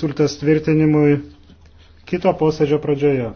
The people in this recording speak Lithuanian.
sultas tvirtinimui kito posėdžio pradžioje.